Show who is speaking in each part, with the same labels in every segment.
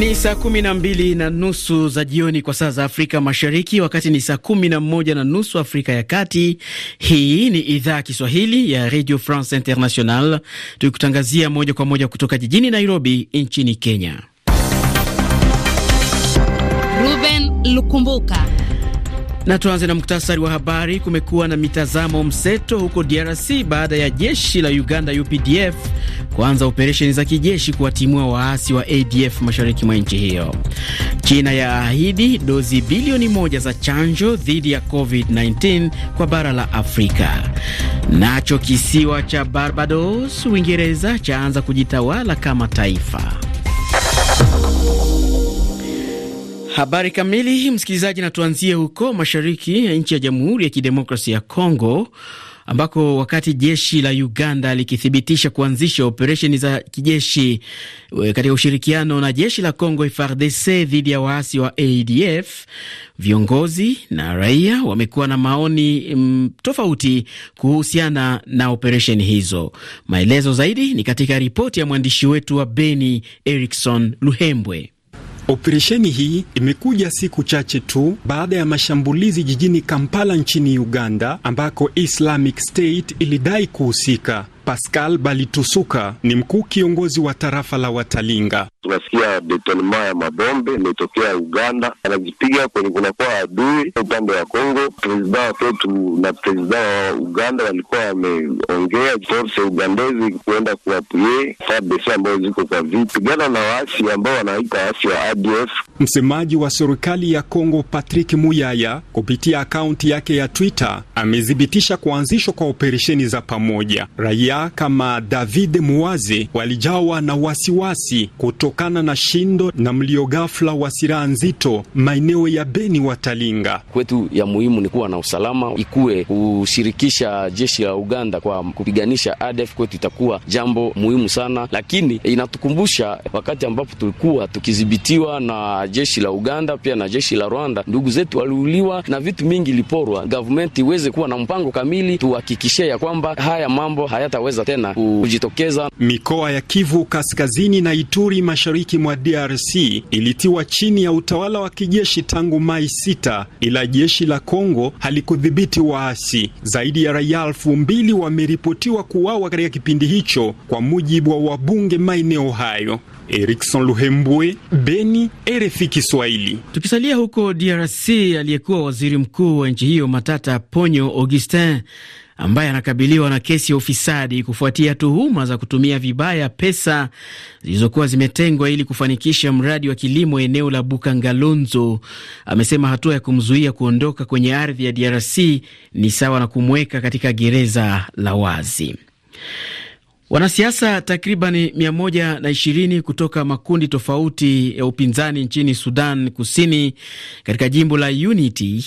Speaker 1: Ni saa kumi na mbili na nusu za jioni kwa saa za Afrika Mashariki, wakati ni saa kumi na moja na nusu Afrika ya Kati. Hii ni idhaa ya Kiswahili ya Radio France International, tukikutangazia moja kwa moja kutoka jijini Nairobi nchini Kenya. Ruben Lukumbuka na tuanze na muktasari wa habari. Kumekuwa na mitazamo mseto huko DRC baada ya jeshi la Uganda UPDF kuanza operesheni za kijeshi kuwatimua waasi wa ADF mashariki mwa nchi hiyo. China yaahidi dozi bilioni moja za chanjo dhidi ya COVID-19 kwa bara la Afrika. Nacho kisiwa cha Barbados Uingereza chaanza kujitawala kama taifa. Habari kamili, msikilizaji, na tuanzie huko mashariki ya nchi ya Jamhuri ya Kidemokrasia ya Kongo ambako wakati jeshi la Uganda likithibitisha kuanzisha operesheni za kijeshi e, katika ushirikiano na jeshi la Congo FRDC dhidi ya waasi wa ADF, viongozi na raia wamekuwa na maoni mm, tofauti kuhusiana na operesheni hizo. Maelezo zaidi ni katika ripoti ya mwandishi wetu wa Beni, Erikson Luhembwe. Operesheni hii imekuja siku chache tu baada ya mashambulizi jijini
Speaker 2: Kampala nchini Uganda ambako Islamic State ilidai kuhusika. Pascal Balitusuka ni mkuu kiongozi wa tarafa la Watalinga. Tunasikia detonema ya mabombe imetokea Uganda, anajipiga kwenye kunakuwa adui upande wa Kongo. wa wetu na presida wa Uganda walikuwa wameongea force ugandezi kuenda kuwapue FARDC ambayo ziko kwa vipi pigana na waasi ambao wanaita waasi wa ADF. Msemaji wa serikali ya Kongo Patrick Muyaya kupitia akaunti yake ya Twitter amethibitisha kuanzishwa kwa operesheni za pamoja raia kama David Muwaze walijawa na wasiwasi kutokana na shindo na mlio ghafla wa silaha nzito maeneo ya Beni Watalinga. Kwetu ya muhimu
Speaker 1: ni kuwa na usalama, ikuwe kushirikisha jeshi la Uganda kwa kupiganisha ADF kwetu itakuwa jambo muhimu sana, lakini inatukumbusha wakati ambapo tulikuwa tukidhibitiwa na jeshi la Uganda pia na jeshi la Rwanda, ndugu zetu waliuliwa na vitu mingi iliporwa. Gavumenti iweze kuwa na mpango kamili, tuhakikishe ya kwamba haya mambo hayata hawataweza tena kujitokeza. Mikoa ya Kivu Kaskazini na Ituri mashariki mwa DRC
Speaker 2: ilitiwa chini ya utawala wa kijeshi tangu Mai sita, ila jeshi la Kongo halikudhibiti waasi. Zaidi ya raia elfu mbili wameripotiwa kuuawa katika kipindi hicho, kwa mujibu wa wabunge maeneo hayo. Erikson Luhembwe,
Speaker 1: Beni, RFI Kiswahili. Tukisalia huko DRC, aliyekuwa waziri mkuu wa nchi hiyo Matata Ponyo Augustin ambaye anakabiliwa na kesi ya ufisadi kufuatia tuhuma za kutumia vibaya pesa zilizokuwa zimetengwa ili kufanikisha mradi wa kilimo eneo la Bukangalonzo, amesema hatua ya kumzuia kuondoka kwenye ardhi ya DRC ni sawa na kumweka katika gereza la wazi. Wanasiasa takribani 120 kutoka makundi tofauti ya upinzani nchini Sudan Kusini katika jimbo la Unity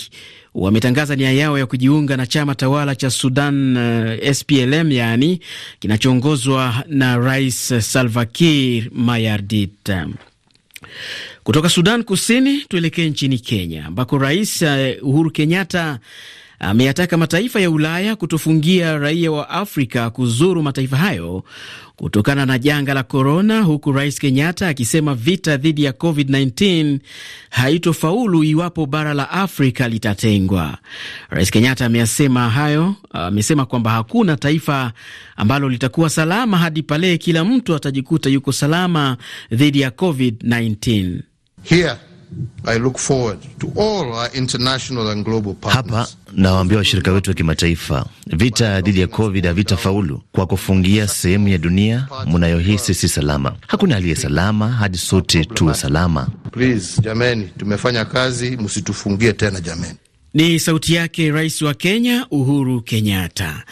Speaker 1: wametangaza nia yao ya kujiunga na chama tawala cha Sudan uh, eh, SPLM yani kinachoongozwa na Rais Salva Kiir Mayardit. Kutoka Sudan Kusini tuelekee nchini Kenya ambako Rais eh, Uhuru Kenyatta ameyataka mataifa ya Ulaya kutofungia raia wa Afrika kuzuru mataifa hayo kutokana na janga la korona, huku Rais Kenyatta akisema vita dhidi ya COVID-19 haitofaulu iwapo bara la Afrika litatengwa. Rais Kenyatta ameyasema hayo, amesema kwamba hakuna taifa ambalo litakuwa salama hadi pale kila mtu atajikuta yuko salama dhidi ya COVID-19. I look forward to all our international and global partners.
Speaker 2: Hapa nawaambia washirika wetu wa kimataifa, vita dhidi ya Covid havita faulu kwa kufungia sehemu ya dunia mnayohisi si salama. Hakuna aliye salama hadi sote tuwe salama. Please jameni, tumefanya kazi, msitufungie tena jameni.
Speaker 1: Ni sauti yake rais wa Kenya Uhuru Kenyatta.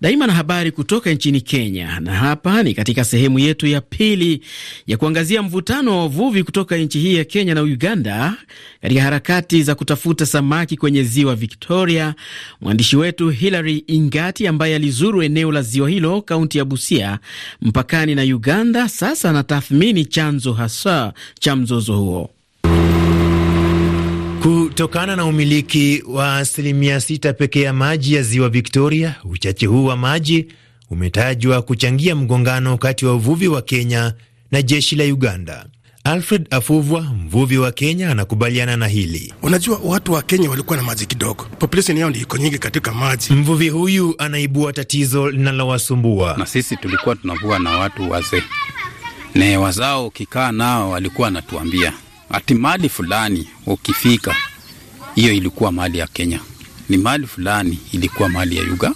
Speaker 1: Daima na habari kutoka nchini Kenya, na hapa ni katika sehemu yetu ya pili ya kuangazia mvutano wa wavuvi kutoka nchi hii ya Kenya na Uganda katika harakati za kutafuta samaki kwenye ziwa Victoria. Mwandishi wetu Hilary Ingati ambaye alizuru eneo la ziwa hilo, kaunti ya Busia, mpakani na Uganda, sasa anatathmini chanzo hasa cha mzozo huo. Kutokana na umiliki wa asilimia
Speaker 2: sita pekee ya maji ya ziwa Victoria, uchache huu wa maji umetajwa kuchangia mgongano kati wa uvuvi wa Kenya na jeshi la Uganda. Alfred Afuvwa, mvuvi wa Kenya, anakubaliana na hili. Unajua, watu wa Kenya walikuwa na maji kidogo, population yao ndio iko nyingi katika maji. Mvuvi huyu anaibua tatizo linalowasumbua. Na sisi tulikuwa tunavua na watu wazee, ne wazao, ukikaa nao walikuwa wanatuambia ati mali fulani ukifika hiyo ilikuwa mali ya Kenya, ni mali fulani ilikuwa mali ya Yuga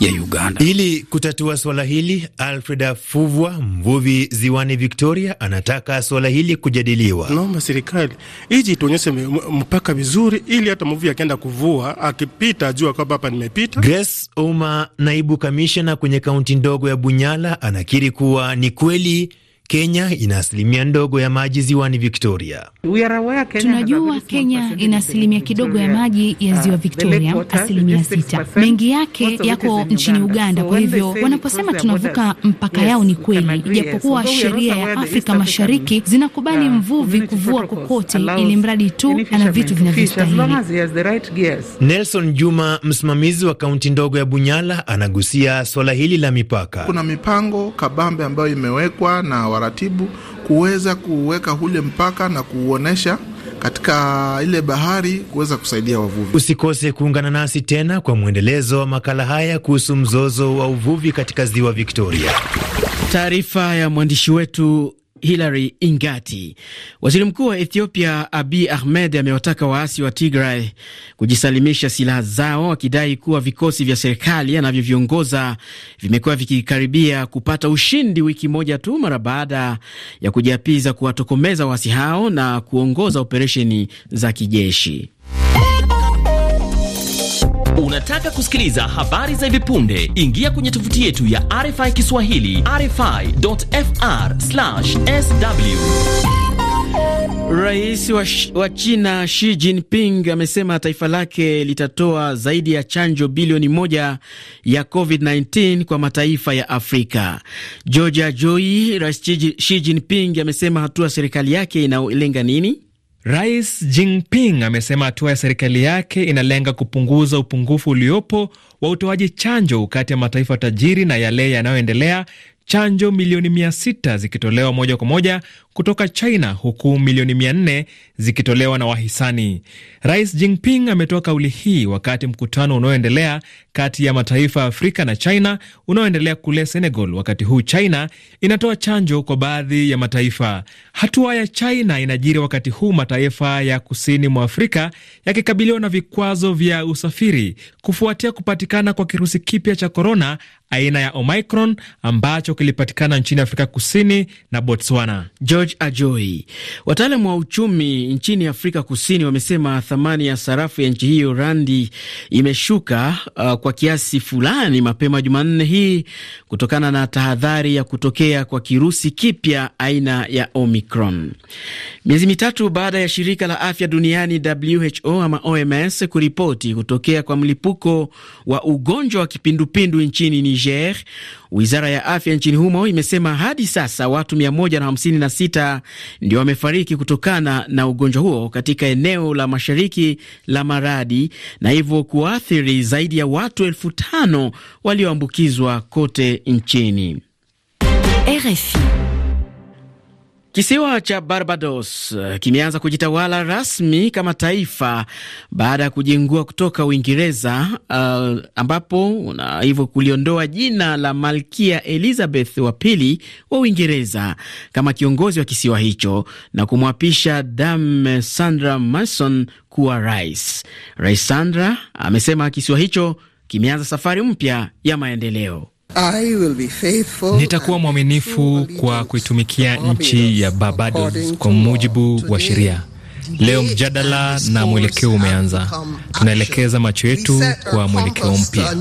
Speaker 2: ya Uganda. Ili kutatua swala hili, Alfred Fuvwa, mvuvi ziwani Victoria, anataka swala hili kujadiliwa. Naomba serikali iji tuonyeshe mpaka vizuri, ili hata mvuvi akienda kuvua akipita ajua kwamba hapa nimepita. Grace Uma, naibu kamishna kwenye kaunti ndogo ya Bunyala, anakiri kuwa ni kweli Kenya ina asilimia ndogo ya maji ziwani Victoria.
Speaker 1: Tunajua Kenya ina asilimia kidogo ya maji ya uh, ziwa Victoria, asilimia sita. Mengi yake yako nchini Uganda. Kwa hivyo wanaposema tunavuka mpaka yao ni kweli, ijapokuwa sheria ya Afrika Mashariki zinakubali mvuvi kuvua kokote, ili mradi tu ana vitu vinavyostahili.
Speaker 2: Nelson Juma, msimamizi wa kaunti ndogo ya Bunyala, anagusia swala hili la mipaka. Kuna mipango kabambe ambayo imewekwa na waratibu kuweza kuweka ule mpaka na kuuonesha katika ile bahari kuweza kusaidia wavuvi. Usikose kuungana nasi tena kwa mwendelezo wa makala haya kuhusu mzozo wa uvuvi katika ziwa Victoria.
Speaker 1: Taarifa ya mwandishi wetu Hilary Ingati. Waziri mkuu wa Ethiopia abi Ahmed amewataka waasi wa Tigray kujisalimisha silaha zao, akidai kuwa vikosi vya serikali anavyoviongoza vimekuwa vikikaribia kupata ushindi, wiki moja tu mara baada ya kujiapiza kuwatokomeza waasi hao na kuongoza operesheni za kijeshi. Unataka kusikiliza habari za hivi punde? Ingia kwenye tovuti yetu ya RFI Kiswahili, rfi.fr/sw. Rais wa, wa China Xi Jinping amesema taifa lake litatoa zaidi ya chanjo bilioni moja ya COVID-19 kwa mataifa ya Afrika. Georgia Joy, Rais Xi Jinping amesema hatua serikali yake inayolenga nini? Rais Jinping amesema hatua ya serikali yake inalenga kupunguza upungufu uliopo wa utoaji chanjo kati ya mataifa tajiri na yale yanayoendelea, chanjo milioni mia sita zikitolewa moja kwa moja kutoka China, huku milioni 400 zikitolewa na wahisani. Rais Jinping ametoa kauli hii wakati mkutano unaoendelea kati ya mataifa ya Afrika na China unaoendelea kule Senegal, wakati huu China inatoa chanjo kwa baadhi ya mataifa. Hatua ya China inajiri wakati huu mataifa ya kusini mwa Afrika yakikabiliwa na vikwazo vya usafiri kufuatia kupatikana kwa kirusi kipya cha korona aina ya Omicron ambacho kilipatikana nchini Afrika Kusini na Botswana. George George Ajoi. Wataalamu wa uchumi nchini Afrika Kusini wamesema thamani ya sarafu ya nchi hiyo randi imeshuka uh, kwa kiasi fulani mapema Jumanne hii kutokana na tahadhari ya kutokea kwa kirusi kipya aina ya Omicron. Miezi mitatu baada ya shirika la afya duniani WHO ama OMS kuripoti kutokea kwa mlipuko wa ugonjwa wa kipindupindu nchini Niger, Wizara ya afya nchini humo imesema hadi sasa watu 156 ndio wamefariki kutokana na ugonjwa huo katika eneo la mashariki la Maradi, na hivyo kuathiri zaidi ya watu elfu tano walioambukizwa kote nchini. RFI. Kisiwa cha Barbados eh, kimeanza kujitawala rasmi kama taifa baada ya kujingua kutoka Uingereza, uh, ambapo na hivyo kuliondoa jina la Malkia Elizabeth wa pili wa Uingereza kama kiongozi wa kisiwa hicho na kumwapisha Dame Sandra Mason kuwa rais. Rais Sandra amesema kisiwa hicho kimeanza safari mpya ya maendeleo.
Speaker 2: Nitakuwa mwaminifu kwa kuitumikia nchi ya Barbados kwa mujibu wa sheria. Leo mjadala na mwelekeo umeanza. Tunaelekeza macho yetu kwa mwelekeo mpya.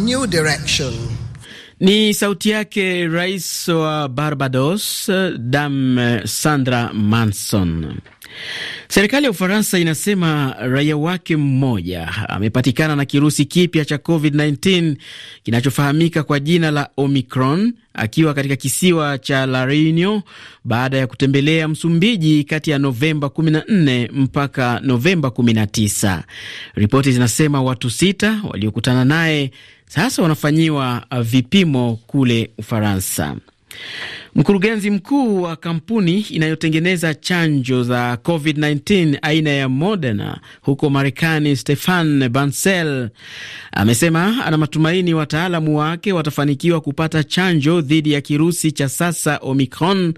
Speaker 1: Ni sauti yake rais wa Barbados, Dame Sandra Manson. Serikali ya Ufaransa inasema raia wake mmoja amepatikana na kirusi kipya cha COVID-19 kinachofahamika kwa jina la Omicron akiwa katika kisiwa cha La Reunion baada ya kutembelea Msumbiji kati ya Novemba 14 mpaka Novemba 19. Ripoti zinasema watu sita waliokutana naye sasa wanafanyiwa vipimo kule Ufaransa. Mkurugenzi mkuu wa kampuni inayotengeneza chanjo za COVID-19 aina ya Moderna huko Marekani, Stefan Bancel amesema ana matumaini wataalamu wake watafanikiwa kupata chanjo dhidi ya kirusi cha sasa Omicron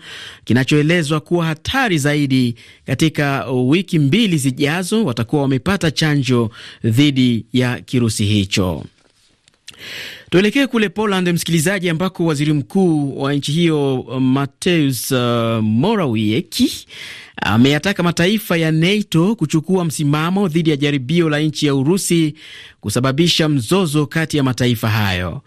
Speaker 1: kinachoelezwa kuwa hatari zaidi. Katika wiki mbili zijazo, watakuwa wamepata chanjo dhidi ya kirusi hicho. Tuelekee kule Poland, msikilizaji, ambako waziri mkuu wa nchi hiyo Mateusz uh, Morawiecki ameyataka mataifa ya NATO kuchukua msimamo dhidi ya jaribio la nchi ya Urusi kusababisha mzozo kati ya mataifa hayo.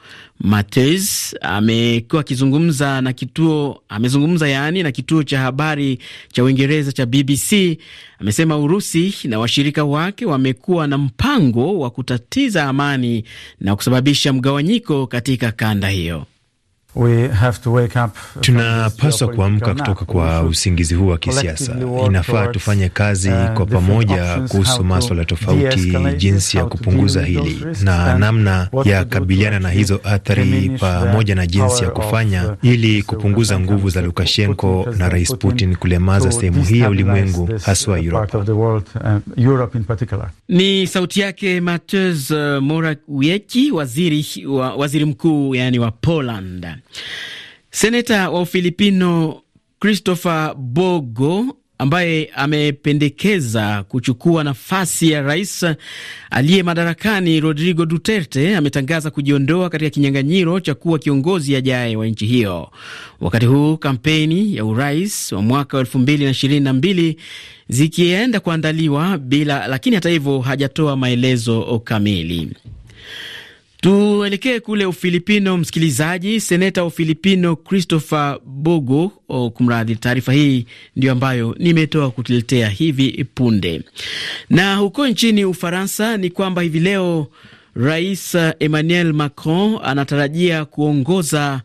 Speaker 1: Mates amekuwa akizungumza na kituo amezungumza yaani na kituo cha habari cha Uingereza cha BBC. Amesema Urusi na washirika wake wamekuwa na mpango wa kutatiza amani na kusababisha mgawanyiko katika kanda hiyo.
Speaker 2: Tunapaswa kuamka kutoka kwa usingizi huu wa kisiasa. Inafaa tufanye kazi uh, kwa pamoja kuhusu maswala tofauti, jinsi ya kupunguza hili na namna ya kabiliana na hizo athari, pamoja na jinsi ya kufanya ili kupunguza nguvu za Lukashenko na Rais Putin kulemaza sehemu hii ya ulimwengu, haswa uh, Europa. Uh,
Speaker 1: Ni sauti yake Mateusz Morawiecki, waziri, wa, waziri mkuu yani wa Poland. Seneta wa Ufilipino Christopher Bogo ambaye amependekeza kuchukua nafasi ya rais aliye madarakani Rodrigo Duterte ametangaza kujiondoa katika kinyang'anyiro cha kuwa kiongozi ajaye wa nchi hiyo. Wakati huu kampeni ya urais wa mwaka wa elfu mbili na ishirini na mbili zikienda kuandaliwa bila, lakini hata hivyo hajatoa maelezo kamili. Tuelekee kule Ufilipino, msikilizaji. Seneta wa Ufilipino Christopher Bogo, kumradhi, taarifa hii ndiyo ambayo nimetoa kutuletea hivi punde. Na huko nchini Ufaransa ni kwamba hivi leo Rais Emmanuel Macron anatarajia kuongoza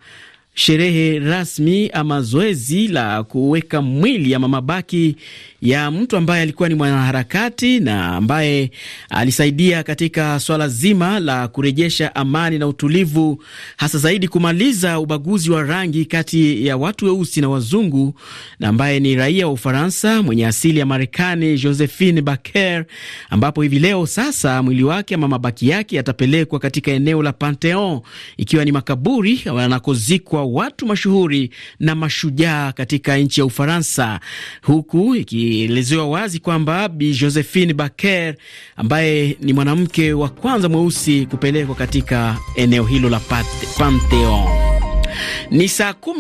Speaker 1: sherehe rasmi ama zoezi la kuweka mwili ama mabaki ya mtu ambaye alikuwa ni mwanaharakati na ambaye alisaidia katika swala zima la kurejesha amani na utulivu, hasa zaidi kumaliza ubaguzi wa rangi kati ya watu weusi na wazungu, na ambaye ni raia wa Ufaransa mwenye asili ya Marekani, Josephine Baker, ambapo hivi leo sasa mwili wake ama mabaki yake yatapelekwa katika eneo la Pantheon, ikiwa ni makaburi anakozikwa watu mashuhuri na mashujaa katika nchi ya Ufaransa, huku ikielezewa wazi kwamba Bi Josephine Baker ambaye ni mwanamke wa kwanza mweusi kupelekwa katika eneo hilo la Pantheon. Ni saa